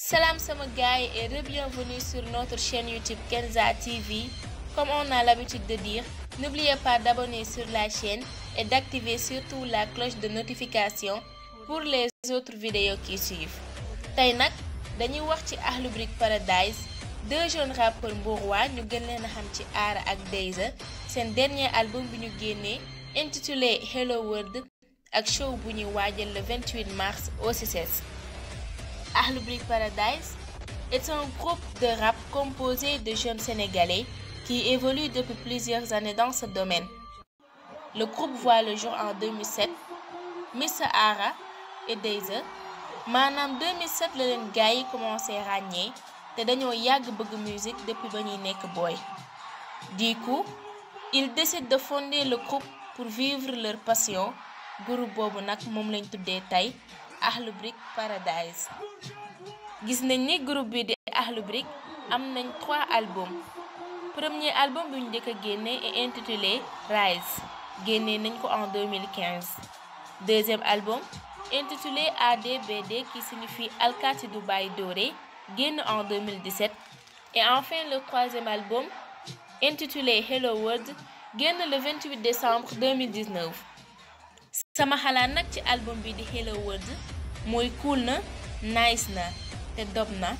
Salam sama gars et bienvenue sur notre chaîne YouTube Kenza TV. Comme on a l'habitude de dire, n'oubliez pas d'abonner sur la chaîne et d'activer surtout la cloche de notification pour les autres vidéos qui suivent. Taïnak, nous dañuy wax ci Paradise deux jeunes rappeurs bourrois, nous gën un l'art xam ci c'est ak dernier album nous ñu génnee intitulé Hello World ak show bu ñuy le 28 mars au CCS. Arlebrick Paradise est un groupe de rap composé de jeunes Sénégalais qui évoluent depuis plusieurs années dans ce domaine. Le groupe voit le jour en 2007. Miss Ara et Daisy en 2007 les deux gars commencent commencé ragner et dañoo de bëgg musique depuis qu'ils ñuy Du coup ils décident de fonder le groupe pour vivre leur passion groupe Akhlou Paradise gis groupe bi di a Brick trois albums premier album que ñu est intitulé Rise Génné nañ ko en 2015 deuxième album intitulé ADBD qui signifie Alcat Dubaï Doré génné en 2017 et enfin le troisième album intitulé Hello World génné le 28 décembre 2019 sama album Hello World mooy cool na nice na te dob na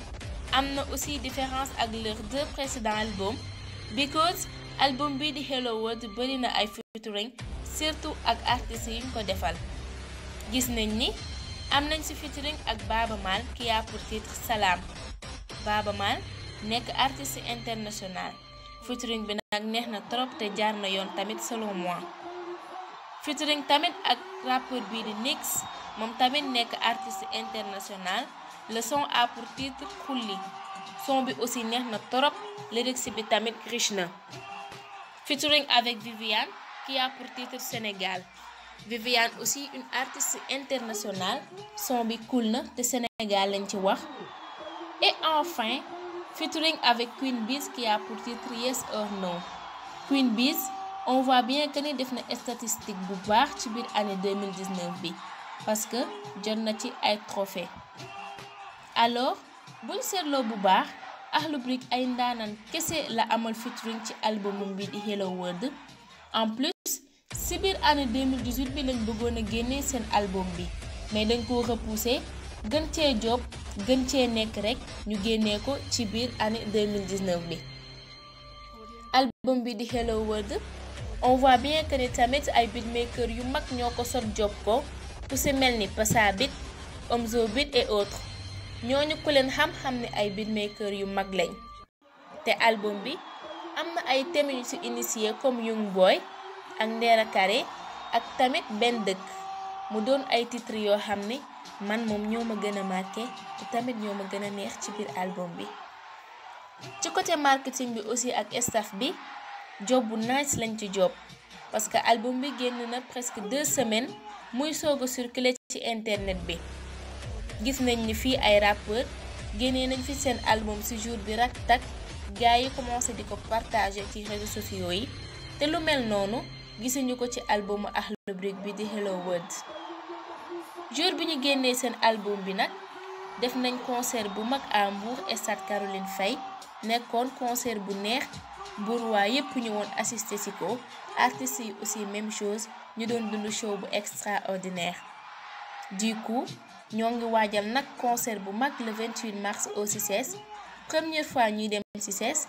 am na aussi différence ak leurs deux précédents albums because album bii di Hello World bëri na ay featuring surtout ak artistes yi ko defal gis nañ ni am nañ ci featuring ak Baaba Maal qui a pour titre Salam Baaba Maal nekk artiste international featuring bi nag neex na trop te jaar na yoon tamit selon moi featuring bii di Nix mom tamit nek artiste international le son a pour titre Kouli ». son bi aussi neex na trop lyrics bi tamit Krishna. featuring avec Viviane qui a pour titre Sénégal Viviane aussi une artiste internationale son bi cool na Sénégal lañ et enfin featuring avec Queen Biz qui a pour titre Yes or No Queen Biz on voit bien qu'elle a def na statistique bu baax ci 2019 bi parce que jot na ci ay trophée alors buñ seetloo bu baax Akhlou Brick ay ndaanaan kese la amal featuring ci albumum bi di Hello World en plus si biir année 2018 bi lañ bëggoon a génnee seen album bi mais dañ ko repoussé gën cee job gën cee nekk rek ñu génnee ko ci biir année 2019 bi album bi di Hello World on voit bien que ni tamit ay beatmaker yu mag ñoo ko sot job ko ku si mel ni Passabit bit et autres ñooñu ku leen xam-xam ne ay beatmaker yu mag lañ te album bi am na ay thèmes yu si initié comme Young Boy ak Ndera ak tamit benn dëkk mu doon ay titri yoo xam ni man moom ñoo ma gën a marqué te tamit ñoo ma gën a neex ci biir album bi. ci côté marketing bi aussi ak staff bi job bu lañ ci job. parce que album bi génn na presque deux semaines muy soog a ci internet bi gis nañ ni fii ay rappeur génnee nañ fi seen album ci jour bi rak tak gars yi commencé di ko partager ci réseaux sociaux yi te lu mel noonu gisuñu ko ci albumu Akhlou Brick bi di Hello World jour bi ñu génnee seen album bi nag def nañ concert bu mag à Mbour stade Caroline Faye nekkoon concert bu neex mburuwaa yépp ñu woon assisté ci ko artistes yi aussi même chose ñu doon dund show bu extraordinaire du coup ñoo ngi waajal nag concert bu mag le 28 mars au CICES première fois ñuy dem CICES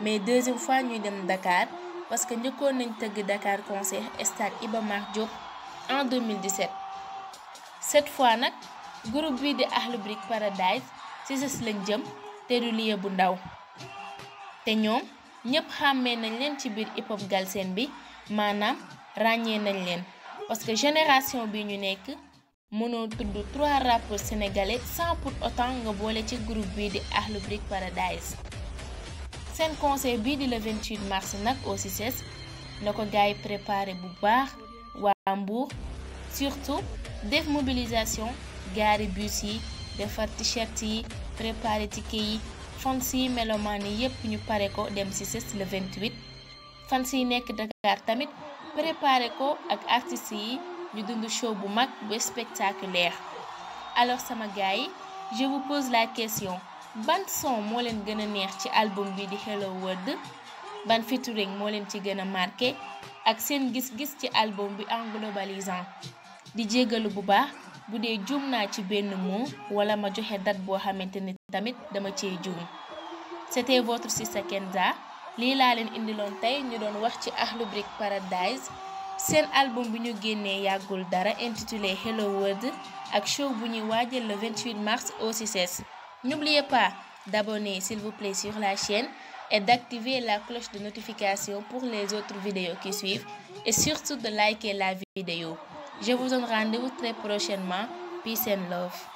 mais deuxième fois ñuy dem Dakar parce que njëkkoon nañ tëgg Dakar concert stade Iba Mar Diop en 2017 cette fois nag groupe bi di Akhlou Brick Paradise CICES lañ jëm te du bu ndaw te ñoom ñëpp xàmmee nañ leen ci biir hip hop bi maanaam ràññee nañ leen parce que génération bi ñu nekk mënoo tudd trois rappeurs sénégalais sans pour nga boole ci groupe bii di Akhlou Brick Paradise seen conseil bii di le 28 mars nag aussi CICES na ko gars yi préparé bu baax waa Mbour surtout def mobilisation gaari bus yi defar t-shirt yi préparé ticket yi fans yi melomaan yi yépp ñu pare ko dem ci sës le 28 fans yi nekk Dakar tamit préparé ko ak artistes yi ñu dund show bu mag bu spectaculaire alors sama gars yi je vous pose la question ban son moo leen gën a neex ci album bi di Hello World ban featuring moo leen ci gën a marqué ak seen gis-gis ci album bi en globalisant di jégalu bu baax bu dee juum naa ci benn mot wala ma joxe date boo xamante ni c'était votre sissa Kenza lii laa leen nous tey ñu doon wax ci Paradise seen album bu ñu génnee yàggul dara intitulé Hello World ak show bu ñuy le 28 mars au CICES n'oubliez pas d'abonner s'il vous plaît sur la chaîne et d'activer la cloche de notification pour les autres vidéos qui suivent et surtout de liker la vidéo. Je vous donne rendez-vous très prochainement. Peace and love.